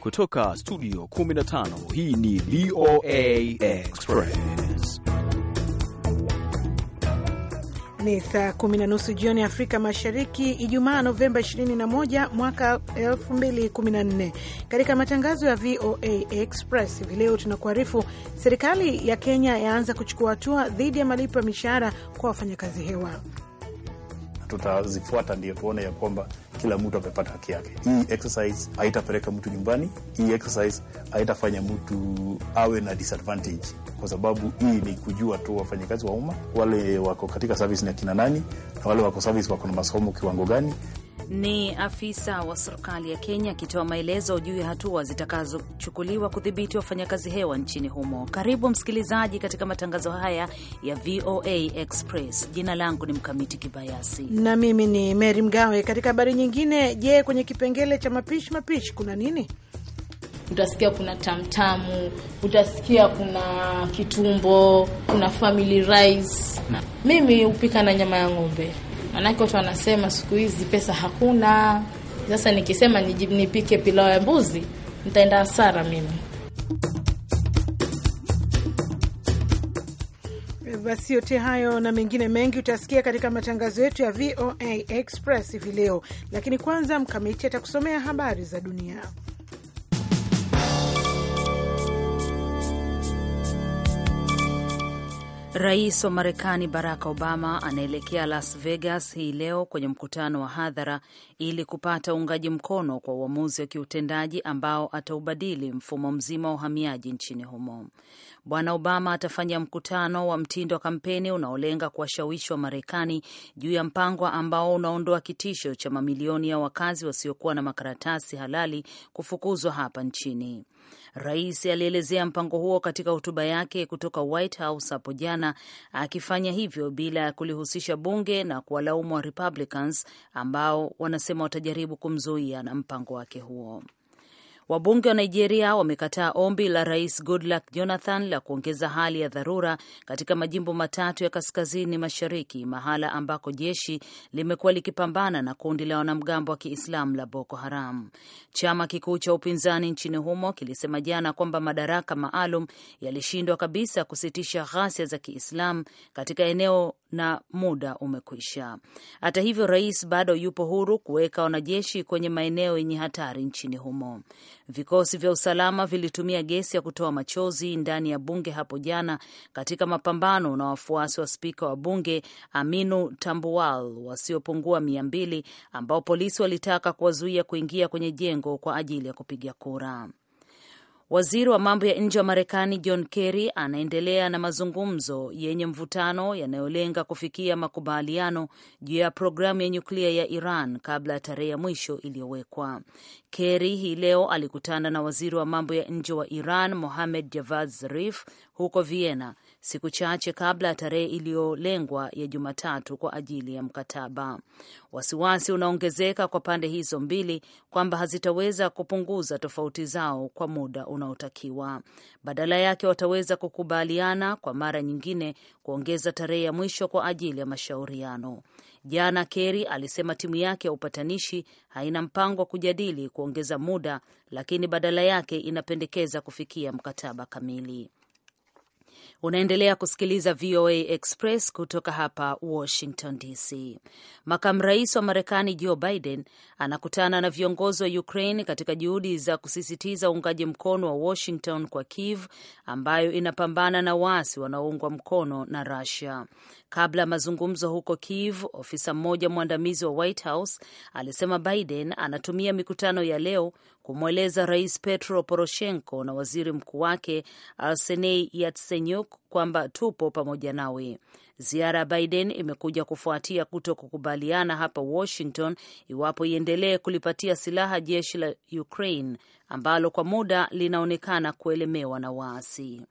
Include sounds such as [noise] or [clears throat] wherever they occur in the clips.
Kutoka studio 15 hii ni VOA Express. Ni saa kumi na nusu jioni Afrika Mashariki, Ijumaa Novemba 21 mwaka 2014. Katika matangazo ya VOA Express hivi leo tunakuarifu serikali ya Kenya yaanza kuchukua hatua dhidi ya malipo ya mishahara kwa wafanyakazi hewa. Tutazifuata ndio tuone ya kwamba kila mtu amepata haki yake. Hii exercise haitapeleka mtu nyumbani, hii exercise haitafanya mtu awe na disadvantage, kwa sababu hii ni kujua tu wafanyakazi wa umma wale wako katika service ni akina nani na wale wako service wako na masomo kiwango gani ni afisa wa serikali ya Kenya akitoa maelezo juu ya hatua zitakazochukuliwa kudhibiti wafanyakazi hewa nchini humo. Karibu msikilizaji katika matangazo haya ya VOA Express. Jina langu ni Mkamiti Kibayasi na mimi ni Meri Mgawe. Katika habari nyingine, je, kwenye kipengele cha mapishi mapishi kuna nini? Utasikia kuna tamtamu, utasikia kuna kitumbo, kuna family rice. Mimi hupika na nyama ya ng'ombe Manake watu wanasema siku hizi pesa hakuna. Sasa nikisema nipike pilau ya mbuzi nitaenda hasara mimi. Basi yote hayo na mengine mengi utasikia katika matangazo yetu ya VOA Express hivi leo, lakini kwanza Mkamiti atakusomea habari za dunia. Rais wa Marekani Barack Obama anaelekea Las Vegas hii leo kwenye mkutano wa hadhara ili kupata uungaji mkono kwa uamuzi wa kiutendaji ambao ataubadili mfumo mzima wa uhamiaji nchini humo. Bwana Obama atafanya mkutano wa mtindo wa kampeni unaolenga kuwashawishi wa Marekani juu ya mpango ambao unaondoa kitisho cha mamilioni ya wakazi wasiokuwa na makaratasi halali kufukuzwa hapa nchini. Rais alielezea mpango huo katika hotuba yake kutoka White House hapo jana, akifanya hivyo bila ya kulihusisha bunge na kuwalaumu wa Republicans ambao wanasema watajaribu kumzuia na mpango wake huo. Wabunge wa Nigeria wamekataa ombi la Rais Goodluck Jonathan la kuongeza hali ya dharura katika majimbo matatu ya kaskazini mashariki, mahala ambako jeshi limekuwa likipambana na kundi la wanamgambo wa Kiislamu la Boko Haram. Chama kikuu cha upinzani nchini humo kilisema jana kwamba madaraka maalum yalishindwa kabisa kusitisha ghasia za Kiislamu katika eneo na muda umekwisha. Hata hivyo, rais bado yupo huru kuweka wanajeshi kwenye maeneo yenye hatari nchini humo. Vikosi vya usalama vilitumia gesi ya kutoa machozi ndani ya bunge hapo jana katika mapambano na wafuasi wa spika wa bunge Aminu Tambuwal wasiopungua mia mbili ambao polisi walitaka kuwazuia kuingia kwenye jengo kwa ajili ya kupiga kura. Waziri wa mambo ya nje wa Marekani John Kerry anaendelea na mazungumzo yenye mvutano yanayolenga kufikia makubaliano juu ya programu ya nyuklia ya Iran kabla ya tarehe ya mwisho iliyowekwa. Kerry hii leo alikutana na waziri wa mambo ya nje wa Iran Mohamed Javad Zarif huko Vienna siku chache kabla ya tarehe iliyolengwa ya Jumatatu kwa ajili ya mkataba. Wasiwasi unaongezeka kwa pande hizo mbili kwamba hazitaweza kupunguza tofauti zao kwa muda unaotakiwa. Badala yake, wataweza kukubaliana kwa mara nyingine kuongeza tarehe ya mwisho kwa ajili ya mashauriano. Jana Kerry alisema timu yake ya upatanishi haina mpango wa kujadili kuongeza muda, lakini badala yake inapendekeza kufikia mkataba kamili. Unaendelea kusikiliza VOA Express kutoka hapa Washington DC. Makamu rais wa Marekani Joe Biden anakutana na viongozi wa Ukraine katika juhudi za kusisitiza uungaji mkono wa Washington kwa Kiev ambayo inapambana na waasi wanaoungwa mkono na Russia. Kabla ya mazungumzo huko Kiev, ofisa mmoja mwandamizi wa White House alisema Biden anatumia mikutano ya leo kumweleza Rais Petro Poroshenko na waziri mkuu wake Arsenei Yatsenyuk kwamba tupo pamoja nawe. Ziara ya Biden imekuja kufuatia kuto kukubaliana hapa Washington iwapo iendelee kulipatia silaha jeshi la Ukraine ambalo kwa muda linaonekana kuelemewa na waasi.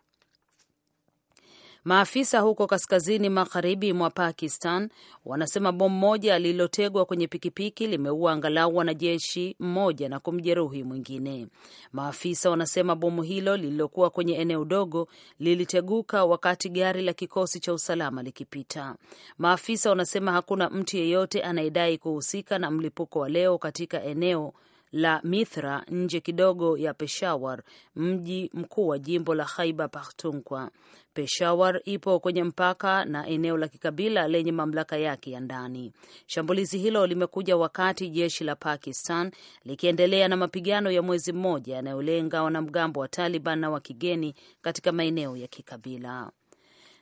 Maafisa huko kaskazini magharibi mwa Pakistan wanasema bomu moja lililotegwa kwenye pikipiki limeua angalau wanajeshi mmoja na kumjeruhi mwingine. Maafisa wanasema bomu hilo lililokuwa kwenye eneo dogo liliteguka wakati gari la kikosi cha usalama likipita. Maafisa wanasema hakuna mtu yeyote anayedai kuhusika na mlipuko wa leo katika eneo la Mithra nje kidogo ya Peshawar, mji mkuu wa jimbo la haiba Pakhtunkhwa. Peshawar ipo kwenye mpaka na eneo la kikabila lenye mamlaka yake ya ndani. Shambulizi hilo limekuja wakati jeshi la Pakistan likiendelea na mapigano ya mwezi mmoja yanayolenga wanamgambo wa Taliban na wa kigeni katika maeneo ya kikabila.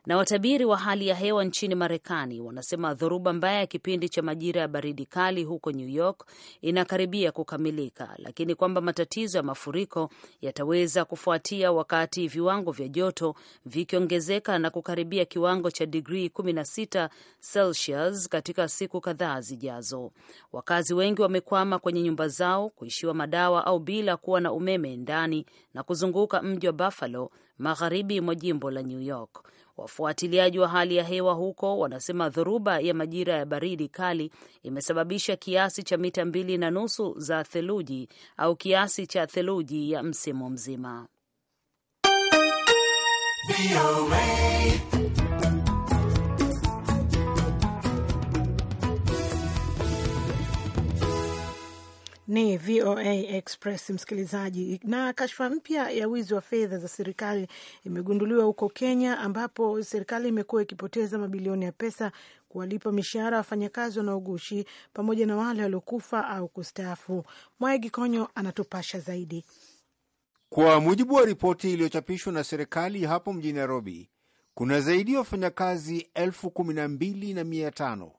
Na watabiri wa hali ya hewa nchini Marekani wanasema dhoruba mbaya ya kipindi cha majira ya baridi kali huko New York inakaribia kukamilika, lakini kwamba matatizo ya mafuriko yataweza kufuatia wakati viwango vya joto vikiongezeka na kukaribia kiwango cha digrii 16 Celsius katika siku kadhaa zijazo. Wakazi wengi wamekwama kwenye nyumba zao, kuishiwa madawa au bila kuwa na umeme ndani na kuzunguka mji wa Buffalo magharibi mwa jimbo la New York. Wafuatiliaji wa hali ya hewa huko wanasema dhoruba ya majira ya baridi kali imesababisha kiasi cha mita mbili na nusu za theluji au kiasi cha theluji ya msimu mzima. Ni VOA Express msikilizaji. Na kashfa mpya ya wizi wa fedha za serikali imegunduliwa huko Kenya, ambapo serikali imekuwa ikipoteza mabilioni ya pesa kuwalipa mishahara wafanyakazi wanaogushi pamoja na wale waliokufa au kustaafu. Mwaegi Konyo anatupasha zaidi. Kwa mujibu wa ripoti iliyochapishwa na serikali hapo mjini Nairobi, kuna zaidi ya wafanyakazi elfu kumi na mbili na mia tano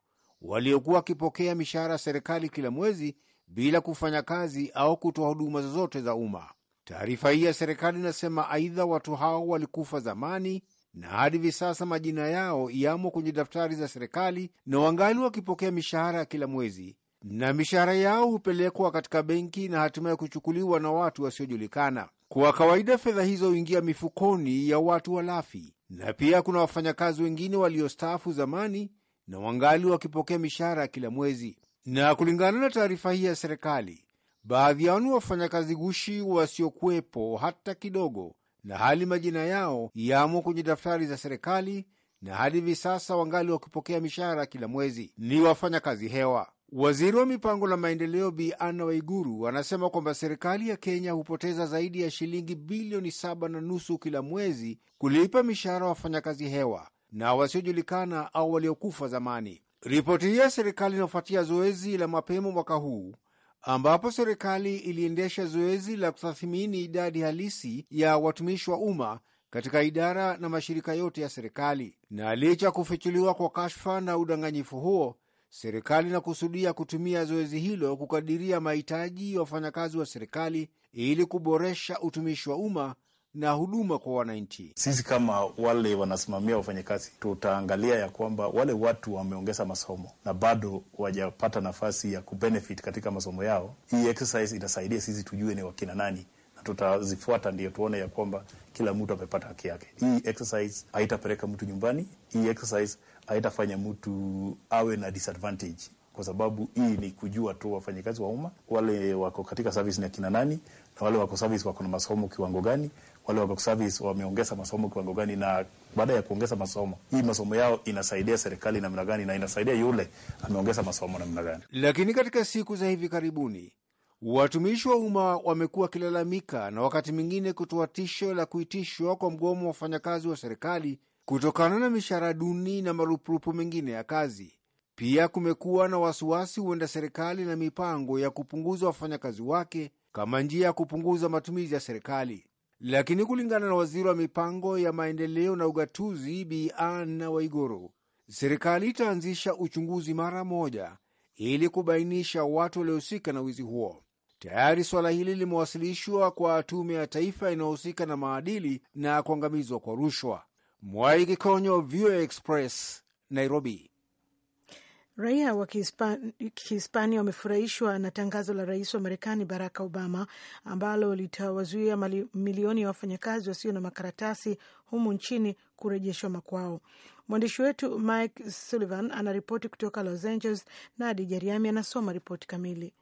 waliokuwa wakipokea mishahara ya serikali kila mwezi bila kufanya kazi au kutoa huduma zozote za umma. Taarifa hii ya serikali inasema aidha, watu hao walikufa zamani na hadi hivi sasa majina yao yamo kwenye daftari za serikali na wangali wakipokea mishahara ya kila mwezi, na mishahara yao hupelekwa katika benki na hatimaye kuchukuliwa na watu wasiojulikana. Kwa kawaida fedha hizo huingia mifukoni ya watu walafi, na pia kuna wafanyakazi wengine waliostaafu zamani na wangali wakipokea mishahara ya kila mwezi. Na kulingana na taarifa hii ya serikali, baadhi yao ni wafanyakazi gushi wasiokuwepo hata kidogo, na hali majina yao yamo kwenye daftari za serikali na hadi hivi sasa wangali wakipokea mishahara kila mwezi, ni wafanyakazi hewa. Waziri wa mipango na maendeleo Bi Anna Waiguru anasema kwamba serikali ya Kenya hupoteza zaidi ya shilingi bilioni saba na nusu kila mwezi kulipa mishahara wafanyakazi hewa na wasiojulikana au waliokufa zamani. Ripoti hiyo ya serikali inafuatia zoezi la mapema mwaka huu ambapo serikali iliendesha zoezi la kutathmini idadi halisi ya watumishi wa umma katika idara na mashirika yote ya serikali. Na licha ya kufichuliwa kwa kashfa na udanganyifu huo, serikali inakusudia kutumia zoezi hilo kukadiria mahitaji ya wafanyakazi wa serikali ili kuboresha utumishi wa umma na huduma kwa wananchi. Sisi kama wale wanasimamia wafanyakazi, tutaangalia ya kwamba wale watu wameongeza masomo na bado wajapata nafasi ya kubenefit katika masomo yao. Hii exercise itasaidia sisi tujue ni wakina nani na tutazifuata, ndio tuone ya kwamba kila mtu amepata haki yake. Hii exercise haitapeleka mtu nyumbani, hii exercise haitafanya mtu awe na disadvantage kwa sababu hii ni kujua tu wafanyakazi wa umma wale wako katika service ni akina nani, na wale wako service wako na masomo kiwango gani, wale wa service wameongeza masomo kiwango gani, na baada ya kuongeza masomo hii masomo yao inasaidia serikali namna gani, na inasaidia yule ameongeza masomo namna gani. Lakini katika siku za hivi karibuni watumishi wa umma wamekuwa wakilalamika na wakati mwingine kutoa tisho la kuitishwa kwa mgomo wa wafanyakazi wa serikali kutokana na mishahara duni na marupurupu mengine ya kazi. Pia kumekuwa na wasiwasi huenda serikali na mipango ya kupunguza wafanyakazi wake kama njia ya kupunguza matumizi ya serikali. Lakini kulingana na waziri wa mipango ya maendeleo na ugatuzi Bi Anna Waigoro, serikali itaanzisha uchunguzi mara moja ili kubainisha watu waliohusika na wizi huo. Tayari suala hili limewasilishwa kwa tume ya taifa inayohusika na maadili na kuangamizwa kwa rushwa. Mwai Kikonyo, VOA Express, Nairobi. Raia wa Kihispania wamefurahishwa na tangazo la rais wa Marekani Barack Obama ambalo litawazuia milioni ya wafanyakazi wasio na makaratasi humu nchini kurejeshwa makwao. Mwandishi wetu Mike Sullivan anaripoti kutoka Los Angeles na Adi Jariami anasoma ripoti kamili.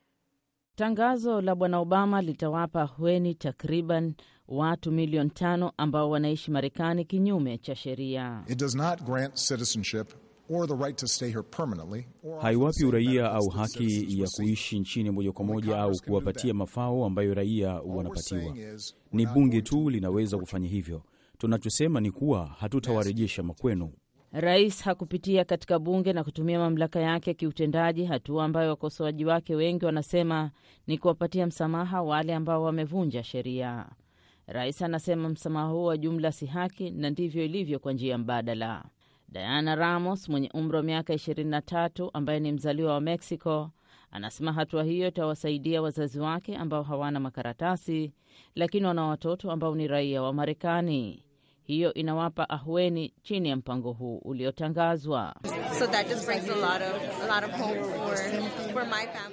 Tangazo la bwana Obama litawapa hweni takriban watu milioni tano ambao wanaishi Marekani kinyume cha sheria. It does not grant citizenship haiwapi uraia au haki ya kuishi nchini moja kwa moja au kuwapatia mafao ambayo raia wanapatiwa. Ni bunge tu linaweza kufanya hivyo. Tunachosema ni kuwa hatutawarejesha makwenu. Rais hakupitia katika bunge na kutumia mamlaka yake kiutendaji, hatua ambayo wakosoaji wake wengi wanasema ni kuwapatia msamaha wale ambao wamevunja sheria. Rais anasema msamaha huo wa jumla si haki na ndivyo ilivyo kwa njia mbadala. Diana Ramos mwenye umri wa miaka 23 ambaye ni mzaliwa wa Mexico anasema hatua hiyo itawasaidia wazazi wake ambao hawana makaratasi lakini wana watoto ambao ni raia wa Marekani. Hiyo inawapa ahueni chini ya mpango huu uliotangazwa. So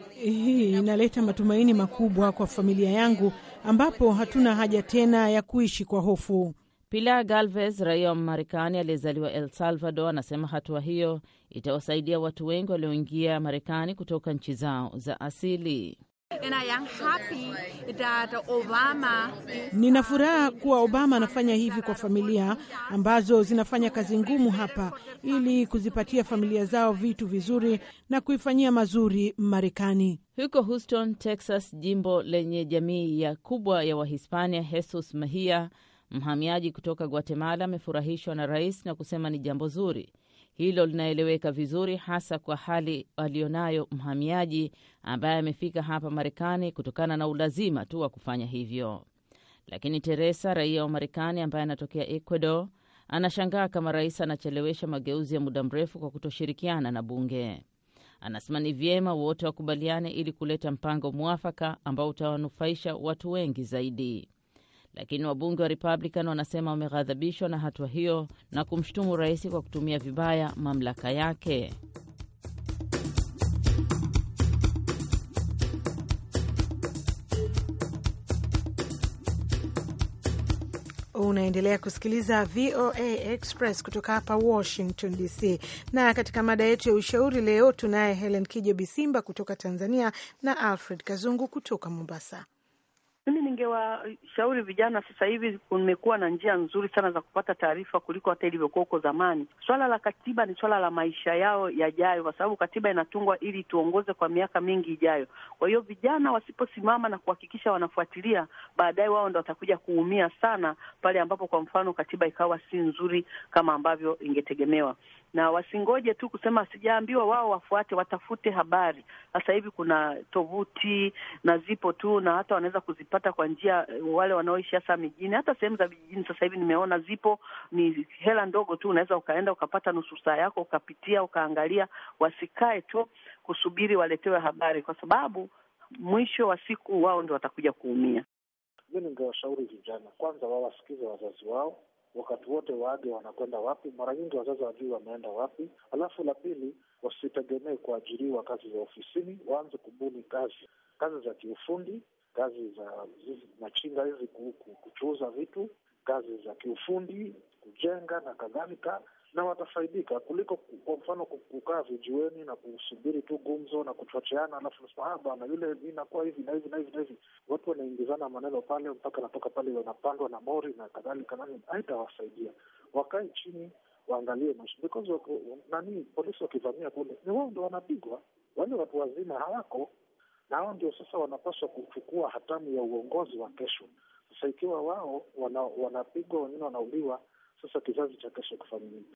hii inaleta matumaini makubwa kwa familia yangu, ambapo hatuna haja tena ya kuishi kwa hofu. Pilar Galvez, raia wa Marekani aliyezaliwa El Salvador, anasema hatua hiyo itawasaidia watu wengi walioingia Marekani kutoka nchi zao za asili. nina furaha kuwa Obama anafanya hivi kwa familia ambazo zinafanya kazi ngumu hapa ili kuzipatia familia zao vitu vizuri na kuifanyia mazuri Marekani. Huko Houston, Texas, jimbo lenye jamii ya kubwa ya Wahispania, Jesus Mahia Mhamiaji kutoka Guatemala amefurahishwa na rais na kusema ni jambo zuri. Hilo linaeleweka vizuri, hasa kwa hali aliyonayo mhamiaji ambaye amefika hapa Marekani kutokana na ulazima tu wa kufanya hivyo. Lakini Teresa, raia wa Marekani ambaye anatokea Ecuador, anashangaa kama rais anachelewesha mageuzi ya muda mrefu kwa kutoshirikiana na bunge. Anasema ni vyema wote wakubaliane ili kuleta mpango mwafaka ambao utawanufaisha watu wengi zaidi lakini wabunge wa Republican wanasema wameghadhabishwa na hatua hiyo na kumshutumu rais kwa kutumia vibaya mamlaka yake. Unaendelea kusikiliza VOA Express kutoka hapa Washington DC, na katika mada yetu ya ushauri leo tunaye Helen Kijo Bisimba kutoka Tanzania na Alfred Kazungu kutoka Mombasa. Mimi ningewashauri vijana, sasa hivi kumekuwa na njia nzuri sana za kupata taarifa kuliko hata ilivyokuwa huko zamani. Swala la katiba ni swala la maisha yao yajayo, kwa sababu katiba inatungwa ili tuongoze kwa miaka mingi ijayo. Kwa hiyo vijana wasiposimama na kuhakikisha wanafuatilia, baadaye wao ndo watakuja kuumia sana pale ambapo, kwa mfano, katiba ikawa si nzuri kama ambavyo ingetegemewa na wasingoje tu kusema sijaambiwa, wao wafuate, watafute habari. Sasa hivi kuna tovuti na zipo tu, na hata wanaweza kuzipata kwa njia, eh, wale wanaoishi hasa mijini, hata sehemu za vijijini sasa hivi nimeona zipo. Ni hela ndogo tu, unaweza ukaenda ukapata nusu saa yako, ukapitia ukaangalia. Wasikae tu kusubiri waletewe habari, kwa sababu mwisho wa siku wao ndo watakuja kuumia. Mi ningewashauri vijana, kwanza wawasikize wazazi wao wakati wote waage wanakwenda wapi. Mara nyingi wazazi wajui wameenda wapi. Alafu la pili, wasitegemee kuajiriwa kazi za ofisini, waanze kubuni kazi, kazi za kiufundi, kazi za machinga hizi, kuchuuza vitu, kazi za kiufundi, kujenga na kadhalika na watafaidika kuliko kwa mfano kukaa vijiweni na kusubiri tu gumzo na kuchocheana, alafu nasema ah, na yule inakuwa hivi na hivi na hivi na hivi. Watu wanaingizana maneno pale mpaka natoka pale wanapandwa na mori na kadhalika, nani haitawasaidia. Wakae chini waangalie maisha, because nani, polisi wakivamia kule ni wao ndo wanapigwa, wale watu wazima hawako, na hao ndio sasa wanapaswa kuchukua hatamu ya uongozi wa kesho. Sasa ikiwa wao wanapigwa, wana wengine wanauliwa sasa kizazi cha kesho kufanya nini?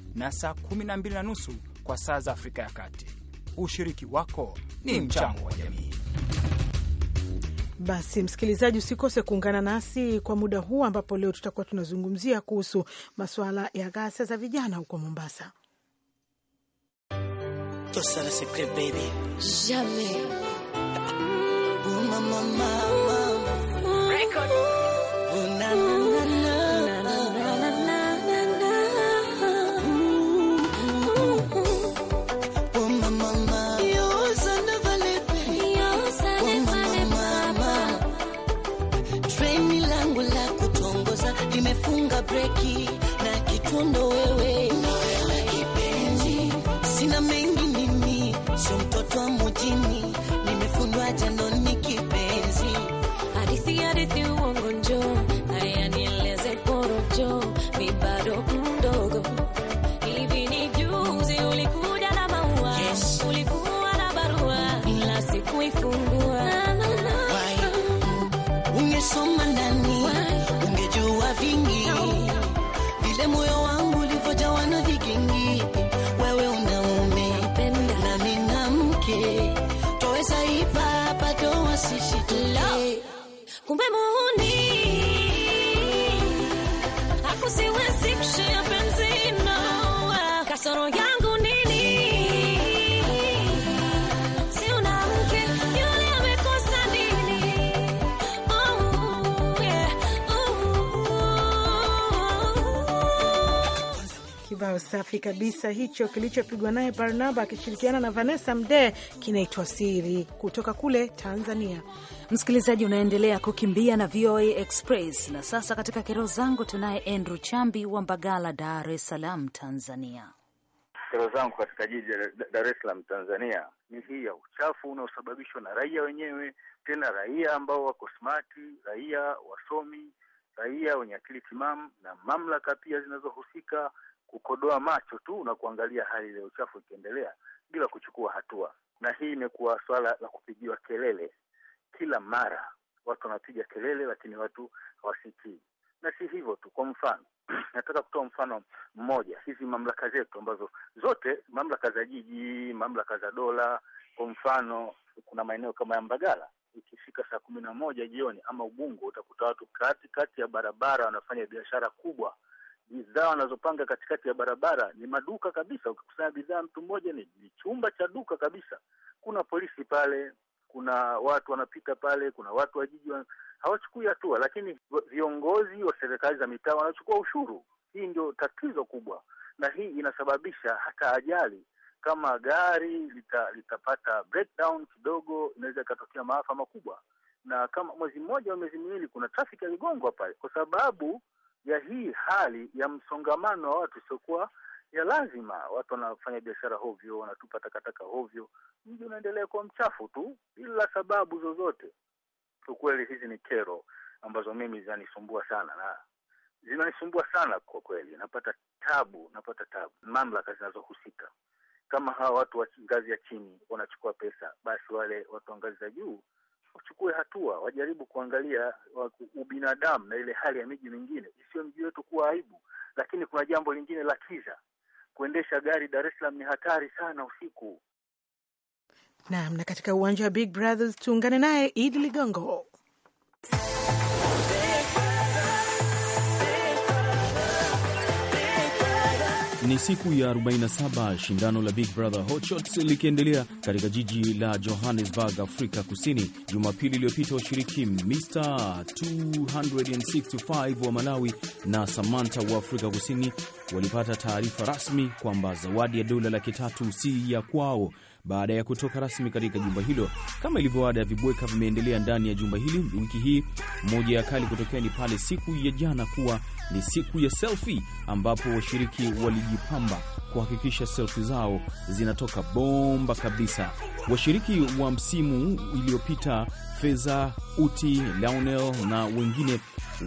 na saa 12 na nusu kwa saa za Afrika ya Kati. Ushiriki wako ni mchango wa jamii. Basi msikilizaji, usikose kuungana nasi kwa muda huu ambapo leo tutakuwa tunazungumzia kuhusu masuala ya ghasia za vijana huko Mombasa. Breaky. Kibao safi kabisa hicho kilichopigwa naye Barnaba akishirikiana na Vanessa Mdee kinaitwa Siri kutoka kule Tanzania. Msikilizaji, unaendelea kukimbia na VOA Express, na sasa katika kero zangu tunaye Andrew Chambi wa Mbagala, Dar es Salaam, Tanzania. Kero zangu katika jiji la Dar es Salaam Tanzania ni hii ya uchafu unaosababishwa na raia wenyewe, tena raia ambao wako smati, raia wasomi, raia wenye akili timamu na mamlaka pia zinazohusika kukodoa macho tu na kuangalia hali ile uchafu ikiendelea bila kuchukua hatua, na hii imekuwa swala la kupigiwa kelele kila mara. Watu wanapiga kelele, lakini watu hawasikii. Na si hivyo tu, kwa mfano [clears throat] nataka kutoa mfano mmoja. Hizi mamlaka zetu ambazo zote, mamlaka za jiji, mamlaka za dola, kwa mfano kuna maeneo kama ya Mbagala, ikifika saa kumi na moja jioni ama Ubungo, utakuta watu kati kati ya barabara wanafanya biashara kubwa bidhaa wanazopanga katikati ya barabara ni maduka kabisa. Ukikusanya bidhaa mtu mmoja, ni, ni chumba cha duka kabisa. Kuna polisi pale, kuna watu wanapita pale, kuna watu wa jiji hawachukui hatua, lakini viongozi wa serikali za mitaa wanachukua ushuru. Hii ndio tatizo kubwa, na hii inasababisha hata ajali. Kama gari lita, litapata breakdown kidogo, inaweza ikatokea maafa makubwa. Na kama mwezi mmoja au miezi miwili, kuna trafiki ya pale kwa sababu ya hii hali ya msongamano wa watu isiokuwa ya lazima. Watu wanafanya biashara hovyo, wanatupa takataka hovyo, mji unaendelea kuwa mchafu tu bila sababu zozote. Ukweli hizi ni kero ambazo mimi zinanisumbua sana na zinanisumbua sana kwa kweli, napata tabu, napata tabu. Mamlaka zinazohusika kama hawa watu wa ngazi ya chini wanachukua pesa, basi wale watu wa ngazi za juu wachukue hatua, wajaribu kuangalia ubinadamu na ile hali ya miji mingine. Isiyo mji wetu kuwa aibu. Lakini kuna jambo lingine la kiza, kuendesha gari Dar es Salaam ni hatari sana usiku. Naam, na katika uwanja wa Big Brothers tuungane naye Idi Ligongo. ni siku ya 47 shindano la Big Brother Hotshots likiendelea katika jiji la Johannesburg, Afrika Kusini. Jumapili iliyopita washiriki Mr 265 wa Malawi na Samantha wa Afrika Kusini walipata taarifa rasmi kwamba zawadi ya dola laki tatu si ya kwao baada ya kutoka rasmi katika jumba hilo. Kama ilivyo ada, vibweka vimeendelea ndani ya jumba hili wiki hii. Moja ya kali kutokea ni pale siku ya jana kuwa ni siku ya selfie, ambapo washiriki walijipamba kuhakikisha selfie zao zinatoka bomba kabisa. Washiriki wa msimu iliyopita Feza Uti, Launel na wengine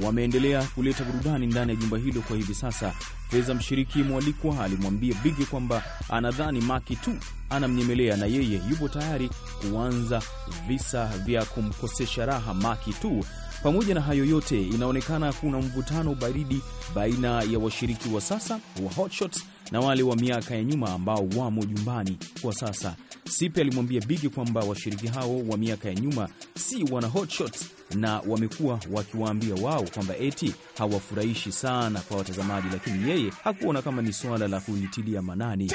wameendelea kuleta burudani ndani ya jumba hilo kwa hivi sasa. Feza, mshiriki mwalikwa, alimwambia Bigi kwamba anadhani Maki tu anamnyemelea na yeye yupo tayari kuanza visa vya kumkosesha raha Maki tu. Pamoja na hayo yote, inaonekana kuna mvutano baridi baina ya washiriki wa sasa wa Hotshots na wale wa miaka ya nyuma ambao wamo jumbani kwa sasa. Sipe alimwambia Bigi kwamba washiriki hao wa miaka ya nyuma si wana hotshots na wamekuwa wakiwaambia wao kwamba eti hawafurahishi sana kwa watazamaji, lakini yeye hakuona kama ni suala la kulitilia manani.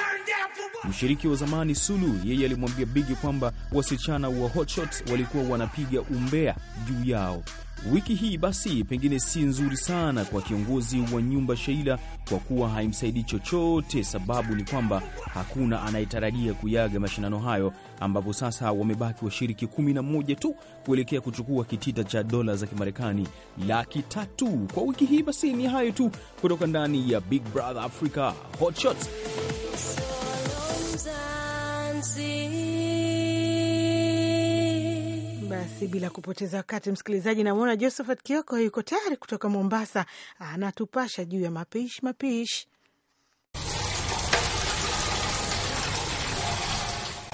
Mshiriki wa zamani Sulu yeye alimwambia Bigi kwamba wasichana wa Hotshot walikuwa wanapiga umbea juu yao. Wiki hii basi pengine si nzuri sana kwa kiongozi wa nyumba Sheila kwa kuwa haimsaidii chochote. Sababu ni kwamba hakuna anayetarajia kuyaga mashindano hayo, ambapo sasa wamebaki washiriki 11 tu kuelekea kuchukua kitita cha dola za Kimarekani laki tatu kwa wiki hii. Basi ni hayo tu kutoka ndani ya Big Brother Africa Hot basi bila kupoteza wakati, msikilizaji, namwona Josephat Kioko yuko tayari kutoka Mombasa, anatupasha juu ya mapishi mapishi.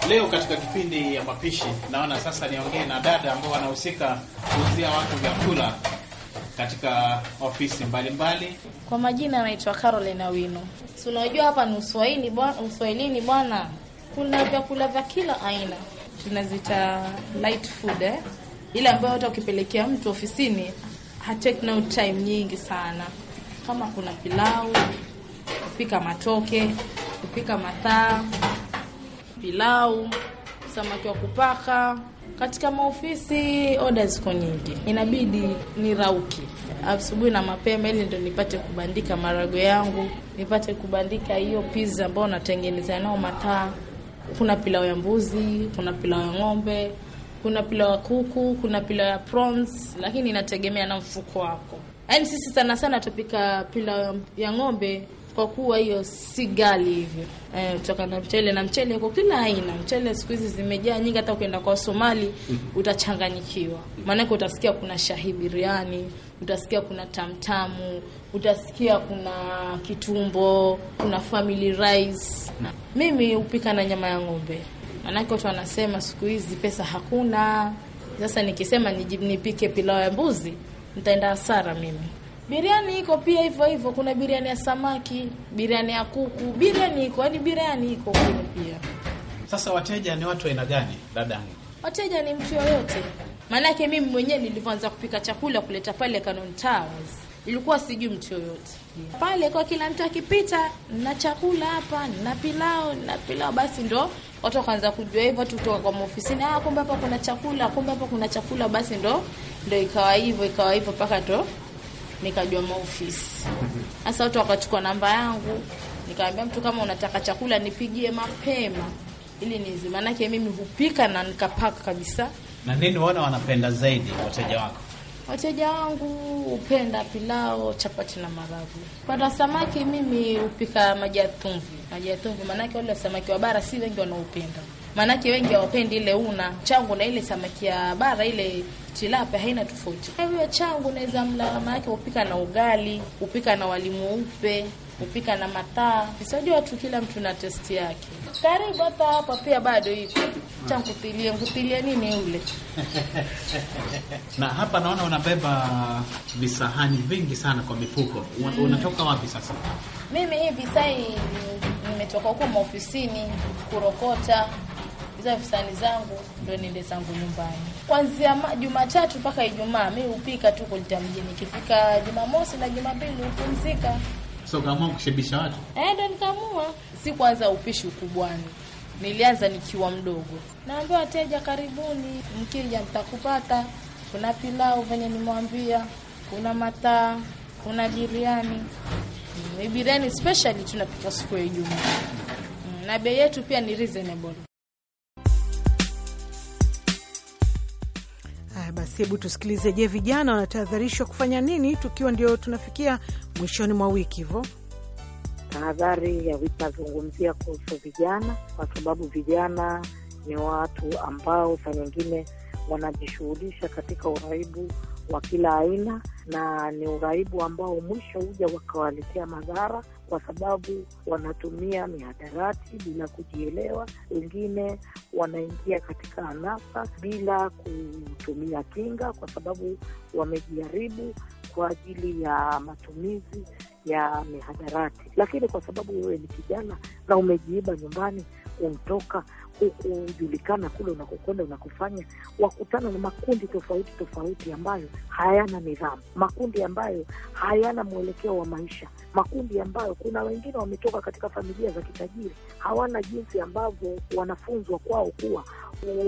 Leo katika kipindi ya mapishi, naona sasa niongee na dada ambao wanahusika kuuzia watu vyakula katika ofisi mbalimbali mbali. Kwa majina anaitwa Caroline Awino. Tunajua hapa ni uswahilini bwana, kuna vyakula vya kila aina tunazita light food eh, ile ambayo hata ukipelekea mtu ofisini ha take no time nyingi sana. Kama kuna pilau, kupika matoke, kupika mathaa, pilau, samaki wa kupaka. Katika maofisi oda ziko nyingi, inabidi ni rauki asubuhi na mapema ili ndo nipate kubandika marago yangu, nipate kubandika hiyo pizza ambayo natengeneza nao mataa kuna pilau ya mbuzi, kuna pilau ya ng'ombe, kuna pilau ya kuku, kuna pilau ya prawns, lakini inategemea na mfuko wako. Yaani sisi sana sana tupika pilau ya ng'ombe kwa kuwa hiyo si gali hivyo eh, kutoka na mchele na mchele uko kila aina. Mchele siku hizi zimejaa nyingi, hata ukienda kwa Somali mhm. utachanganyikiwa, maanake utasikia kuna shahi biriani, utasikia kuna tamtamu, utasikia kuna kitumbo, kuna family rice. Mhm. Mimi hupika na nyama ya ng'ombe, maanake watu wanasema siku hizi pesa hakuna. Sasa nikisema nipike pilau ya mbuzi nitaenda hasara mimi. Biriani iko pia hivyo hivyo, kuna biriani ya samaki, biriani ya kuku, biriani iko, yani, biriani iko kule pia. Sasa wateja ni watu aina gani dada? Wateja ni mtu yoyote, maanake mimi mwenyewe nilivyoanza kupika chakula kuleta pale Canon Towers ilikuwa sijui mtu yoyote pale, kwa kila mtu akipita na chakula hapa na pilau na pilau, basi ndo watu wakaanza kujua hivyo tu kutoka kwa maofisini, ah, kumbe hapa kuna chakula, kumbe hapa kuna chakula. Basi ndo ndo ikawa hivyo ikawa hivyo mpaka to nikajua maofisi sasa. Watu wakachukua namba yangu, nikaambia mtu kama unataka chakula nipigie mapema ili nizi, maanake mimi hupika na nikapaka kabisa. Na nini wana wanapenda zaidi wateja wako? Wateja wangu hupenda pilao chapati na maragu. Pata samaki mimi hupika maji ya tumvi maji ya chumvi, maanake wale samaki wa bara si wengi wanaopenda maanake wengi hawapendi ile una changu na ile samaki ya bara ile tilapia haina tofauti. Hiyo changu naweza mla, maanake upika na ugali, upika na wali mweupe, upika na mataa. sijui watu, kila mtu na testi yake. Karibu hata hapa pia bado ipo changu tilie ngutilie nini ule [laughs] na hapa naona unabeba visahani vingi sana kwa mifuko. Unatoka wapi sasa? Mimi hivi sai nimetoka huko maofisini kurokota za visani zangu ndio niende zangu nyumbani. Kuanzia Jumatatu mpaka Ijumaa mimi hupika tu kulita mjini. Ikifika Jumamosi na Jumapili hupumzika. So kaamua kushibisha watu? Eh, ndio nikaamua. Si kwanza upishi ukubwani. Nilianza nikiwa mdogo. Naambia wateja karibuni, mkija mtakupata. Kuna pilau venye nimwambia kuna mataa, kuna biriani. E, biriani especially tunapika siku ya Ijumaa mm, na bei yetu pia ni reasonable. Haya basi, hebu tusikilize. Je, vijana wanatahadharishwa kufanya nini tukiwa ndio tunafikia mwishoni mwa wiki hivyo? Tahadhari ya vitazungumzia kuhusu vijana, kwa sababu vijana ni watu ambao saa nyingine wanajishughulisha katika uraibu wa kila aina na ni ughaibu ambao mwisho huja wakawaletea madhara, kwa sababu wanatumia mihadarati bila kujielewa. Wengine wanaingia katika anasa bila kutumia kinga, kwa sababu wamejiharibu kwa ajili ya matumizi ya mihadarati. Lakini kwa sababu wewe ni kijana na umejiiba nyumbani kutoka hukujulikana kule unakokwenda unakofanya, wakutana na makundi tofauti tofauti ambayo hayana nidhamu, makundi ambayo hayana mwelekeo wa maisha, makundi ambayo kuna wengine wametoka katika familia za kitajiri, hawana jinsi ambavyo wanafunzwa kwao kuwa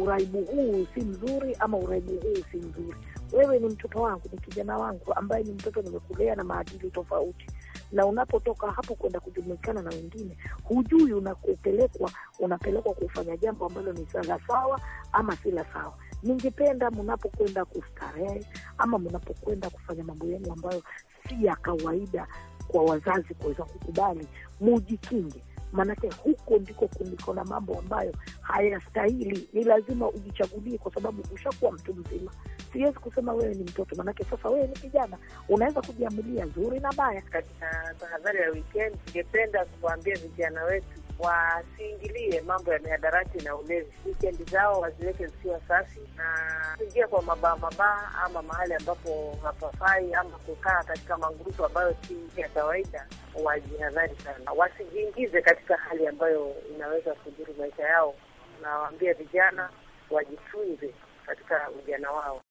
uraibu huu si mzuri ama uraibu huu si mzuri. Wewe ni mtoto wangu, ni kijana wangu ambaye ni mtoto nimekulea na maadili tofauti na unapotoka hapo kwenda kujumuikana na wengine, hujui unakopelekwa unapelekwa kufanya jambo ambalo ni sala sawa ama si la sawa. Ningependa mnapokwenda kustarehe ama mnapokwenda kufanya mambo yenu ambayo si ya kawaida, kwa wazazi kuweza kukubali, mujikinge maanake huko ndiko kuliko na mambo ambayo hayastahili. Ni lazima ujichagulie, kwa sababu ushakuwa mtu mzima. Siwezi kusema wewe ni mtoto, maanake sasa wewe ni kijana, unaweza kujiamulia zuri na baya. Katika tahadhari ya wikendi, ningependa kuwaambia vijana wetu wasiingilie mambo ya mihadarati na ulevi. Wikendi zao waziweke zikiwa safi, na kuingia kwa mabaa mabaa ama mahali ambapo hapafai ama kukaa katika mangurufu ambayo si ya kawaida, wajihadhari sana, wasijiingize katika hali ambayo inaweza kudhuru maisha yao. Nawaambia vijana wajitunze katika ujana wao.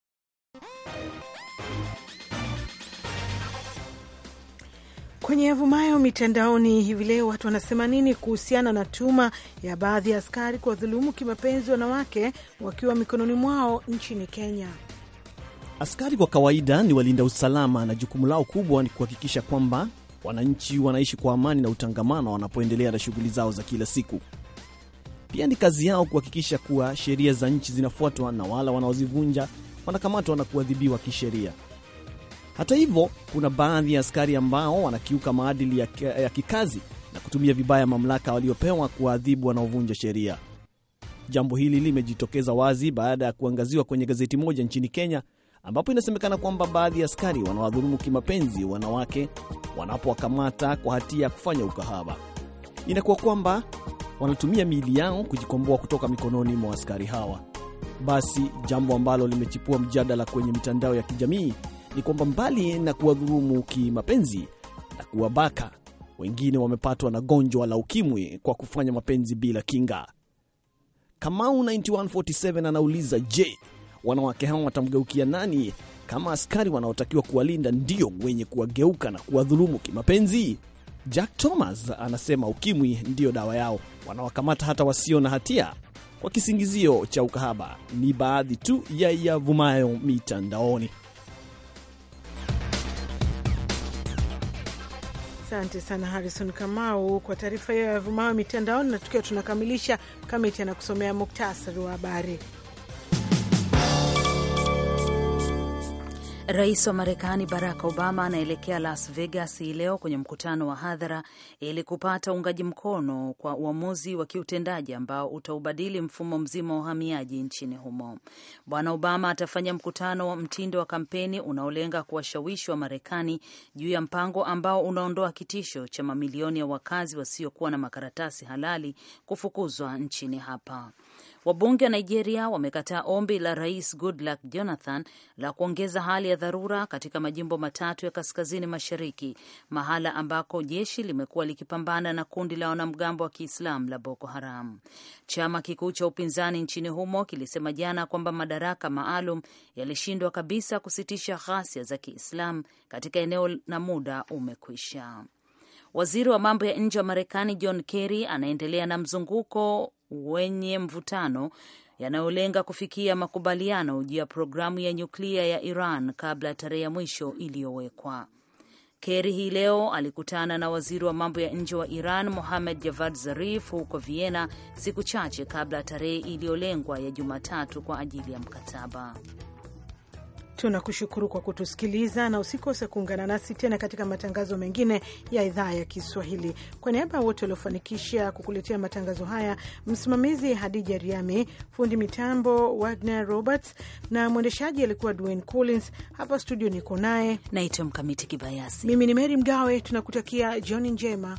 Kwenye yavumayo mitandaoni hivi leo, watu wanasema nini kuhusiana na tuma ya baadhi ya askari kuwadhulumu kimapenzi wanawake wakiwa mikononi mwao nchini Kenya? Askari kwa kawaida ni walinda usalama na jukumu lao kubwa ni kuhakikisha kwamba wananchi wanaishi kwa amani na utangamano wanapoendelea na shughuli zao za kila siku. Pia ni kazi yao kuhakikisha kuwa sheria za nchi zinafuatwa na wala wanaozivunja wanakamatwa na kuadhibiwa kisheria. Hata hivyo, kuna baadhi ya askari ambao wanakiuka maadili ya, ya kikazi na kutumia vibaya mamlaka waliopewa kuwaadhibu wanaovunja sheria. Jambo hili limejitokeza wazi baada ya kuangaziwa kwenye gazeti moja nchini Kenya ambapo inasemekana kwamba baadhi ya askari wanawadhulumu kimapenzi wanawake wanapowakamata kwa hatia ya kufanya ukahaba. Inakuwa kwamba wanatumia miili yao kujikomboa kutoka mikononi mwa askari hawa. Basi jambo ambalo limechipua mjadala kwenye mitandao ya kijamii ni kwamba mbali na kuwadhulumu kimapenzi na kuwabaka, wengine wamepatwa na gonjwa la ukimwi kwa kufanya mapenzi bila kinga. Kamau 9147 anauliza, je, wanawake hawa watamgeukia nani kama askari wanaotakiwa kuwalinda ndio wenye kuwageuka na kuwadhulumu kimapenzi? Jack Thomas anasema ukimwi ndiyo dawa yao, wanawakamata hata wasio na hatia kwa kisingizio cha ukahaba. Ni baadhi tu ya yavumayo mitandaoni. Asante sana harison Kamau kwa taarifa hiyo ya vumao mitandaoni, na tukiwa tunakamilisha, Kamiti anakusomea muktasari wa habari. Rais wa Marekani Barack Obama anaelekea Las Vegas hii leo kwenye mkutano wa hadhara ili kupata uungaji mkono kwa uamuzi wa kiutendaji ambao utaubadili mfumo mzima wa uhamiaji nchini humo. Bwana Obama atafanya mkutano wa mtindo wa kampeni unaolenga kuwashawishi wa Marekani juu ya mpango ambao unaondoa kitisho cha mamilioni ya wakazi wasiokuwa na makaratasi halali kufukuzwa nchini hapa. Wabunge wa Nigeria wamekataa ombi la Rais Goodluck Jonathan la kuongeza hali ya dharura katika majimbo matatu ya kaskazini mashariki, mahala ambako jeshi limekuwa likipambana na kundi la wanamgambo wa kiislam la Boko Haram. Chama kikuu cha upinzani nchini humo kilisema jana kwamba madaraka maalum yalishindwa kabisa kusitisha ghasia za kiislam katika eneo na muda umekwisha. Waziri wa mambo ya nje wa Marekani John Kerry anaendelea na mzunguko wenye mvutano yanayolenga kufikia makubaliano juu ya programu ya nyuklia ya Iran kabla ya tarehe ya mwisho iliyowekwa. Kerry hii leo alikutana na waziri wa mambo ya nje wa Iran Mohammad Javad Zarif huko Vienna siku chache kabla ya tarehe iliyolengwa ya Jumatatu kwa ajili ya mkataba. Tunakushukuru kwa kutusikiliza na usikose kuungana nasi tena katika matangazo mengine ya idhaa ya Kiswahili. Kwa niaba ya wote waliofanikisha kukuletea matangazo haya, msimamizi Hadija Riami, fundi mitambo Wagner Roberts na mwendeshaji alikuwa Dwayne Collins. Hapa studio niko naye naitwa Mkamiti Kibayasi, mimi ni Meri Mgawe. Tunakutakia jioni njema.